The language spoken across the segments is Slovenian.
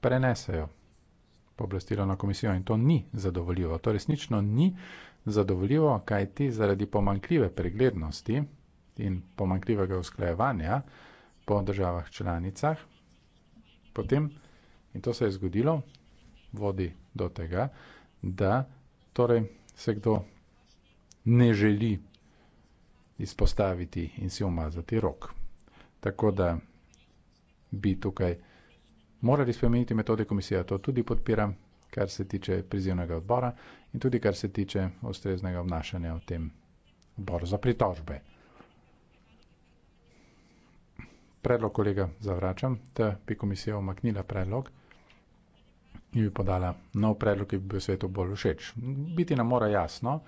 prenesejo pooblastilo na komisijo in to ni zadovoljivo. To resnično ni zadovoljivo, kaj ti zaradi pomankljive preglednosti in pomankljivega usklajevanja po državah članicah, potem, in to se je zgodilo, vodi do tega, da torej se kdo ne želi izpostaviti in si umazati rok. Tako da bi tukaj morali spremeniti metode komisije. To tudi podpiram, kar se tiče prizivnega odbora in tudi kar se tiče ustreznega obnašanja v tem odboru za pritožbe. Predlog kolega zavračam, da bi komisija omaknila predlog in bi podala nov predlog, ki bi bil svetu bolj všeč. Biti nam mora jasno,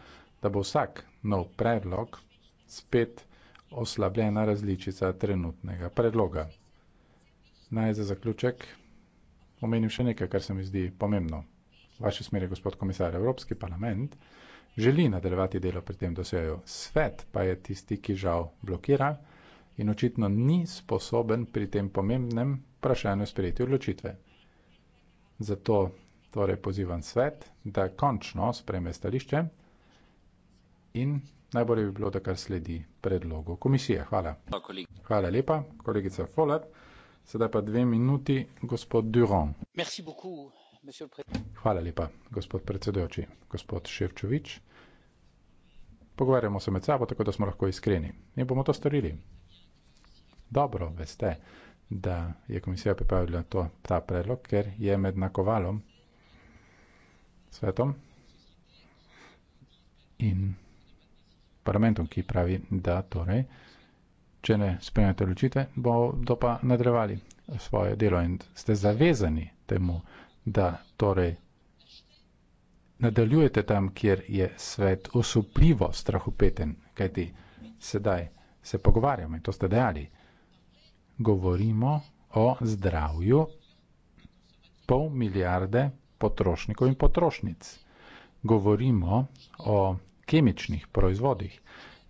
da bo vsak nov predlog spet oslabljena različica trenutnega predloga. Naj za zaključek omenil še nekaj, kar se mi zdi pomembno. Vaše smere, gospod komisar, Evropski parlament želi nadaljevati delo pri tem dosejo. Svet pa je tisti, ki žal blokira in očitno ni sposoben pri tem pomembnem vprašanju sprejeti odločitve. Zato torej pozivam svet, da končno spreme stališče in najbolje bi bilo, da kar sledi predlogu komisije. Hvala. Hvala lepa, kolegica Follett. Sedaj pa dve minuti, gospod Durand. Hvala lepa, gospod predsedujoči, gospod Ševčovič. Pogovarjamo se med sabo, tako da smo lahko iskreni. In bomo to storili. Dobro, veste, da je komisija pripravila to, ta predlog, ker je med nakovalom svetom in parlamentom, ki pravi, da torej če ne sprejmete odločitve, bodo pa nadrevali svoje delo in ste zavezani temu, da torej nadaljujete tam, kjer je svet osupljivo strahopeten, kajti sedaj se pogovarjamo in to ste dejali. Govorimo o zdravju pol milijarde potrošnikov in potrošnic. Govorimo o kemičnih proizvodih,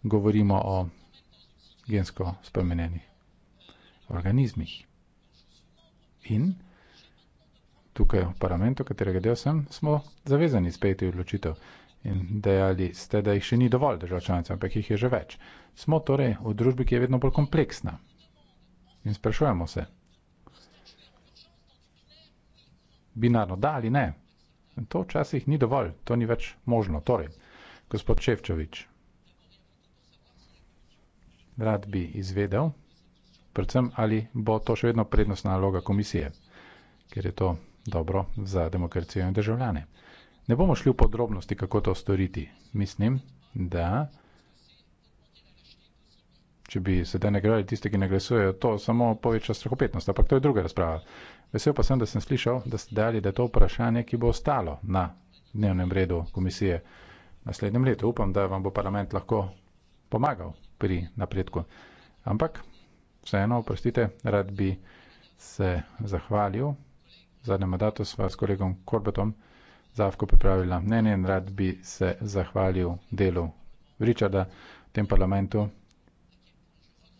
govorimo o gensko spremenjenih organizmih. In tukaj v parlamentu, katerega del sem, smo zavezani sprejeti odločitev in dejali ste, da jih še ni dovolj držav članic, ampak jih je že več. Smo torej v družbi, ki je vedno bolj kompleksna in sprašujemo se, binarno da ali ne. In to včasih ni dovolj, to ni več možno. Torej, gospod Čevčovič rad bi izvedel, predvsem ali bo to še vedno prednostna naloga komisije, ker je to dobro za demokracijo in državljane. Ne bomo šli v podrobnosti, kako to storiti. Mislim, da če bi sedaj nagrajali tiste, ki naglasujejo, to samo poveča strahopetnost, ampak to je druga razprava. Vesel pa sem, da sem slišal, da ste dali, da je to vprašanje, ki bo ostalo na dnevnem redu komisije naslednjem letu. Upam, da vam bo parlament lahko pomagal pri napredku. Ampak vseeno, oprostite, rad bi se zahvalil. Zadnjem mandatu sva s kolegom Korbetom zavko pripravila mnenje in rad bi se zahvalil delu Richarda v tem parlamentu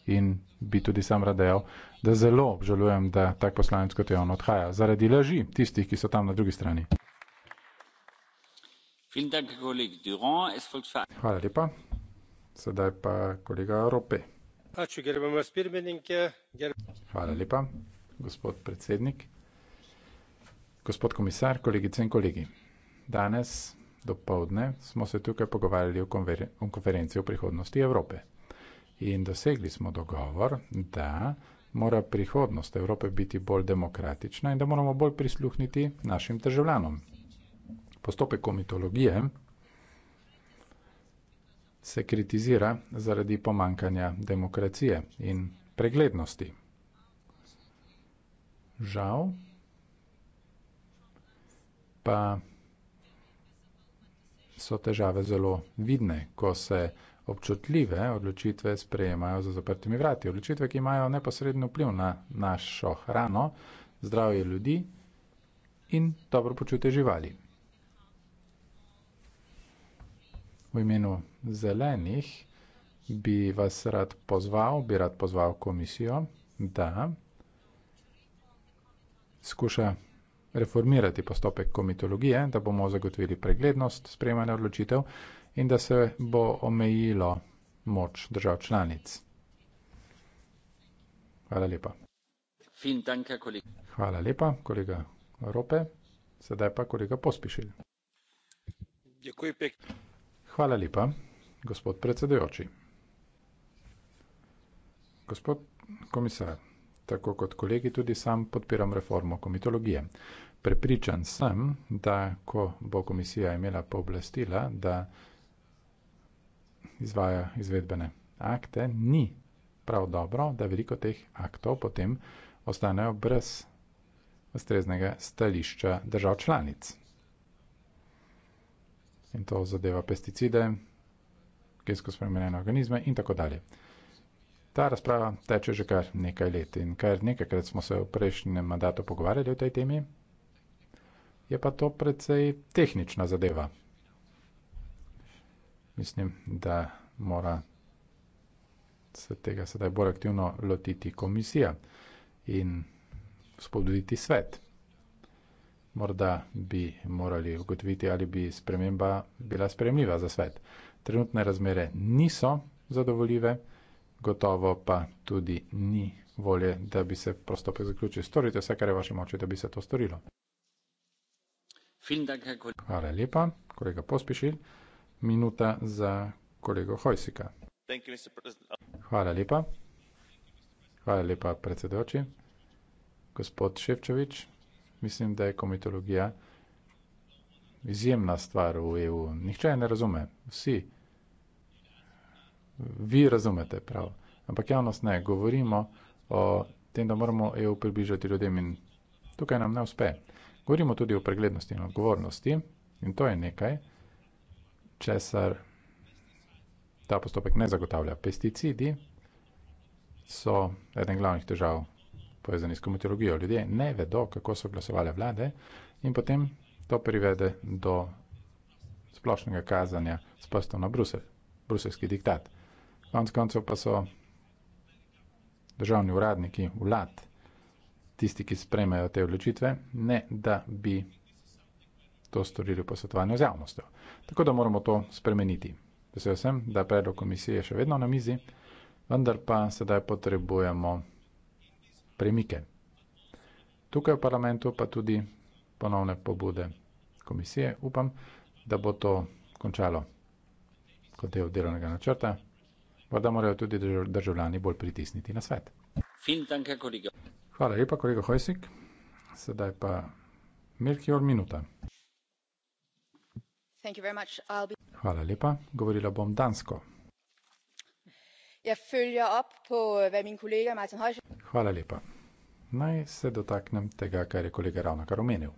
in bi tudi sam rad dejal, da zelo obžalujem, da tak poslanec kot je on odhaja zaradi laži tistih, ki so tam na drugi strani. Hvala lepa sedaj pa kolega rope ačiū gerbiamas pirmininke ger hvala lepa gospod predsednik gospod komisar kolegice in kolegi danes dopoldne smo se tukaj pogovarjali o, konver o konferenci o prihodnosti evrope in dosegli smo dogovor da mora prihodnost evrope biti bolj demokratična in da moramo bolj prisluhniti našim državljanom postopek komitologije se kritizira zaradi pomankanja demokracije in preglednosti. Žal pa so težave zelo vidne, ko se občutljive odločitve sprejemajo za zaprtimi vrati. Odločitve, ki imajo neposredni vpliv na našo hrano, zdravje ljudi in dobro počutje živali. V imenu zelenih bi vas rad pozval, bi rad pozval komisijo, da skuša reformirati postopek komitologije, da bomo zagotovili preglednost sprejemanja odločitev in da se bo omejilo moč držav članic. Hvala lepa. Hvala lepa, kolega Rope. Sedaj pa kolega Pospišil. Dziękuję pięknie. Hvala lepa, gospod predsedujoči. Gospod komisar, tako kot kolegi, tudi sam podpiram reformo komitologije. Prepričan sem, da ko bo komisija imela pooblastila, da izvaja izvedbene akte, ni prav dobro, da veliko teh aktov potem ostanejo brez ustreznega stališča držav članic in to zadeva pesticide, gensko spremenjene organizme in tako dalje. Ta razprava teče že kar nekaj let in kar nekajkrat smo se v prejšnjem mandatu pogovarjali o tej temi, je pa to predvsej tehnična zadeva. Mislim, da mora se tega sedaj bolj aktivno lotiti komisija in spodbuditi svet morda bi morali ugotoviti, ali bi sprememba bila sprejemljiva za svet. Trenutne razmere niso zadovoljive, gotovo pa tudi ni volje, da bi se postopek zaključil. Storite vse, kar je vaše moče, da bi se to storilo. Hvala lepa, kolega Pospišil. Minuta za kolego Hojsika. Hvala lepa. Hvala lepa, predsedujoči. Gospod Ševčevič, mislim, da je komitologija izjemna stvar v EU. Nihče ne razume, vsi. Vi razumete prav, ampak javnost ne. Govorimo o tem, da moramo EU približati ljudem in tukaj nam ne uspe. Govorimo tudi o preglednosti in odgovornosti in to je nekaj, česar ta postopek ne zagotavlja. Pesticidi so eden glavnih težav povezani s komitologijo ljudje, ne vedo, kako so glasovale vlade in potem to privede do splošnega kazanja s prstom na Brusel, bruselski diktat. Konc koncev pa so državni uradniki, vlad, tisti, ki spremajo te odločitve, ne da bi to storili v posvetovanju z javnostjo. Tako da moramo to spremeniti. Vesel sem, da predlog komisije je še vedno na mizi, vendar pa sedaj potrebujemo premike. Tukaj v parlamentu pa tudi ponovne pobude komisije. Upam, da bo to končalo kot del delovnega načrta, pa da morajo tudi državljani bolj pritisniti na svet. Hvala lepa, kolega Hojsik. Sedaj pa Melchior Minuta. Hvala lepa, govorila bom dansko. Hvala lepa naj se dotaknem tega, kar je kolega ravno kar omenil.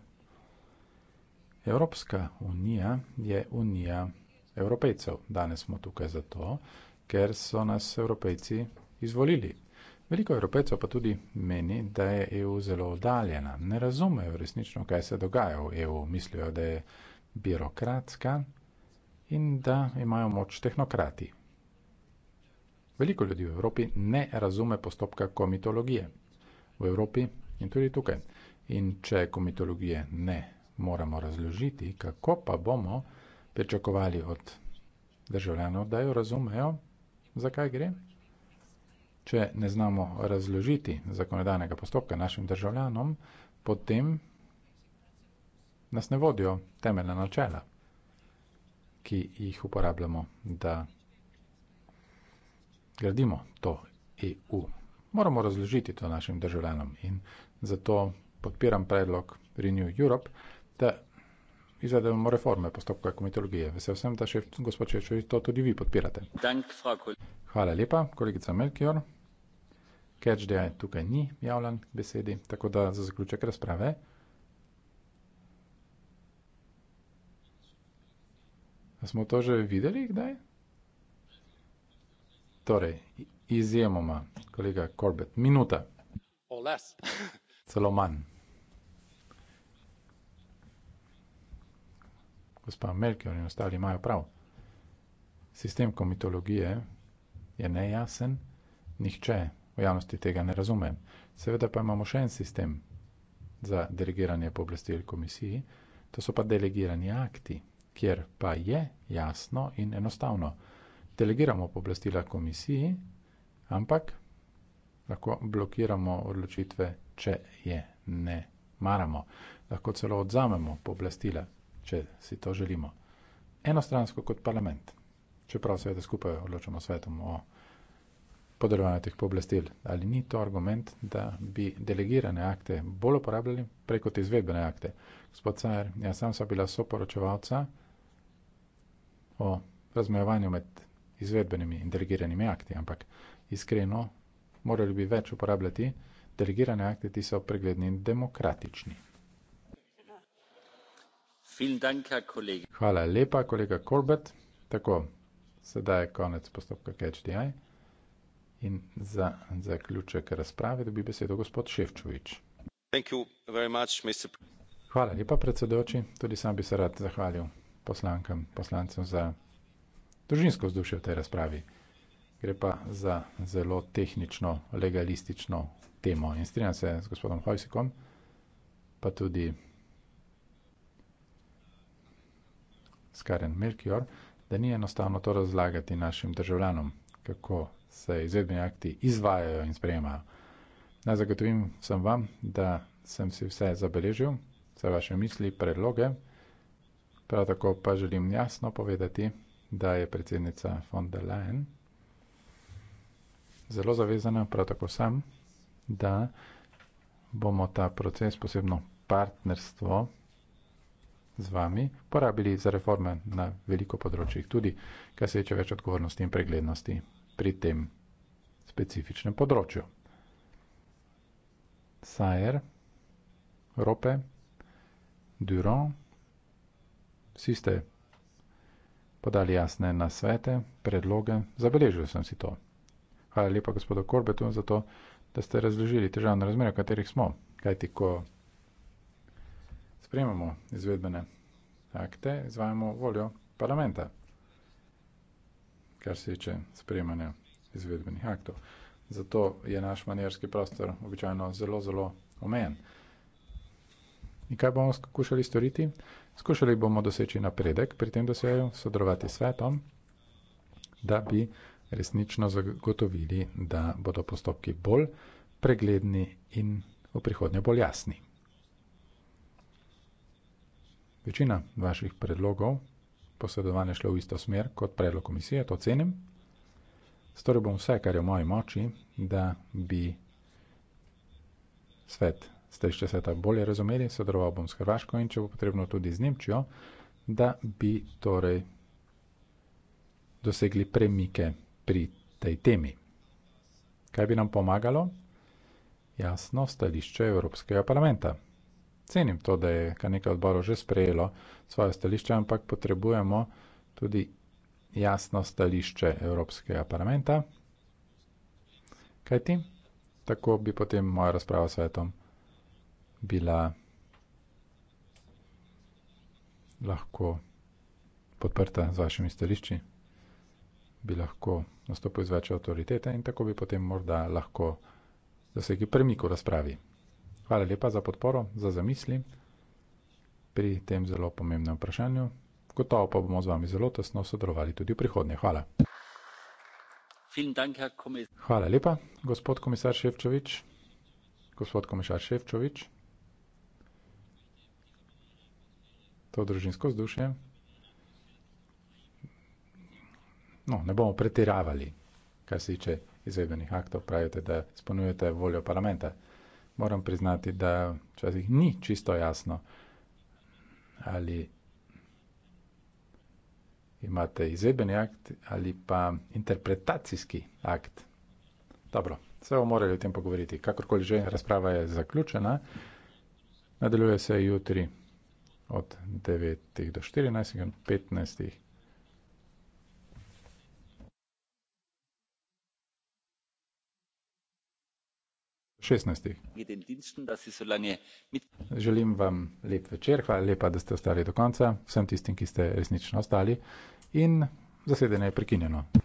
Evropska unija je unija evropejcev. Danes smo tukaj zato, ker so nas evropejci izvolili. Veliko evropejcev pa tudi meni, da je EU zelo oddaljena. Ne razumejo resnično, kaj se dogaja v EU. Mislijo, da je birokratska in da imajo moč tehnokrati. Veliko ljudi v Evropi ne razume postopka komitologije v Evropi in tudi tukaj. In če komitologije ne moramo razložiti, kako pa bomo pričakovali od državljanov, da jo razumejo, zakaj gre? Če ne znamo razložiti zakonodajnega postopka našim državljanom, potem nas ne vodijo temeljna načela, ki jih uporabljamo, da gradimo to EU moramo razložiti to našim državljanom. In zato podpiram predlog Renew Europe, da izvedemo reforme postopka komitologije. Vesel sem, da še gospod Češovi to tudi vi podpirate. Dank, Hvala lepa, kolegica Melkior. Catch the tukaj ni javljan besedi, tako da za zaključek razprave. Smo to že videli kdaj? Torej, izjemoma, kolega Corbett, minuta. Celo manj. Gospa Melchior in ostali imajo prav. Sistem komitologije je nejasen, nihče v javnosti tega ne razume. Seveda pa imamo še en sistem za delegiranje pooblastil komisiji, to so pa delegirani akti, kjer pa je jasno in enostavno delegiramo pooblastila komisiji, ampak lahko blokiramo odločitve, če je ne maramo. Lahko celo odzamemo pooblastila, če si to želimo. Enostransko kot parlament, čeprav seveda skupaj odločamo svetom o podeljevanju teh pooblastil, ali ni to argument, da bi delegirane akte bolj uporabljali preko te izvedbene akte. Gospod Cajer, jaz sam sem bila soporočevalca o razmejevanju med izvedbenimi in delegiranimi akti, ampak iskreno, morali bi več uporabljati delegirane akte, ki so pregledni in demokratični. Hvala lepa, kolega Corbett. Tako, sedaj je konec postopka KHDI in za zaključek razprave dobi besedo gospod Ševčovič. Hvala lepa, predsedujoči. Tudi sam bi se rad zahvalil poslankam, poslancem za družinsko vzdušje v tej razpravi. Gre pa za zelo tehnično, legalistično temo. In strinjam se z gospodom Hojsikom, pa tudi s Karen Melchior, da ni enostavno to razlagati našim državljanom, kako se izvedbeni akti izvajajo in sprejemajo. Naj zagotovim sem vam, da sem si vse zabeležil, vse vaše misli, predloge, prav tako pa želim jasno povedati, da je predsednica von der Leyen zelo zavezana, prav tako sam, da bomo ta proces, posebno partnerstvo z vami, porabili za reforme na veliko področjih, tudi kar se tiče več odgovornosti in preglednosti pri tem specifičnem področju. Sajer, Rope, Durand, vsi ste podali jasne nasvete, predloge, zabeležil sem si to. Hvala lepa gospodu Korbetu za to, da ste razložili težavne razmere, v katerih smo. Kajti, ko sprejemamo izvedbene akte, izvajamo voljo parlamenta, kar se tiče sprejemanja izvedbenih aktov. Zato je naš manjerski prostor običajno zelo, zelo omejen. In kaj bomo skušali storiti? Skušali bomo doseči napredek pri tem doseju, sodelovati s svetom, da bi resnično zagotovili, da bodo postopki bolj pregledni in v prihodnje bolj jasni. Večina vaših predlogov posredovanja šlo v isto smer kot predlog komisije, to cenim. Storil bom vse, kar je v moji moči, da bi svet Zdaj, če se tako bolje razumeli, sodeloval bom s Hrvaško in če bo potrebno tudi z Nemčijo, da bi torej dosegli premike pri tej temi. Kaj bi nam pomagalo? Jasno, stališče Evropskega parlamenta. Cenim to, da je kar nekaj odborov že sprejelo svoje stališče, ampak potrebujemo tudi jasno stališče Evropskega parlamenta. Kaj ti? Tako bi potem moja razprava s svetom bila lahko podprta z vašimi stališči, bi lahko nastopil z več avtoritete in tako bi potem morda lahko dosegli premik v razpravi. Hvala lepa za podporo, za zamisli pri tem zelo pomembnem vprašanju. Gotovo pa bomo z vami zelo tesno sodelovali tudi v prihodnje. Hvala. Hvala lepa, gospod komisar Ševčovič. Gospod komisar Ševčovič. to družinsko vzdušje. No, ne bomo pretiravali, kar se tiče izvedbenih aktov, pravite, da spolnjujete voljo parlamenta. Moram priznati, da včasih ni čisto jasno, ali imate izvedbeni akt ali pa interpretacijski akt. Dobro, se bomo morali o tem pogovoriti. Kakorkoli že, razprava je zaključena. Nadaljuje se jutri od 9 do 14 in 15. Šestnajstih. Želim vam lep večer, hvala lepa, da ste ostali do konca, vsem tistim, ki ste resnično ostali in zasedanje je prekinjeno.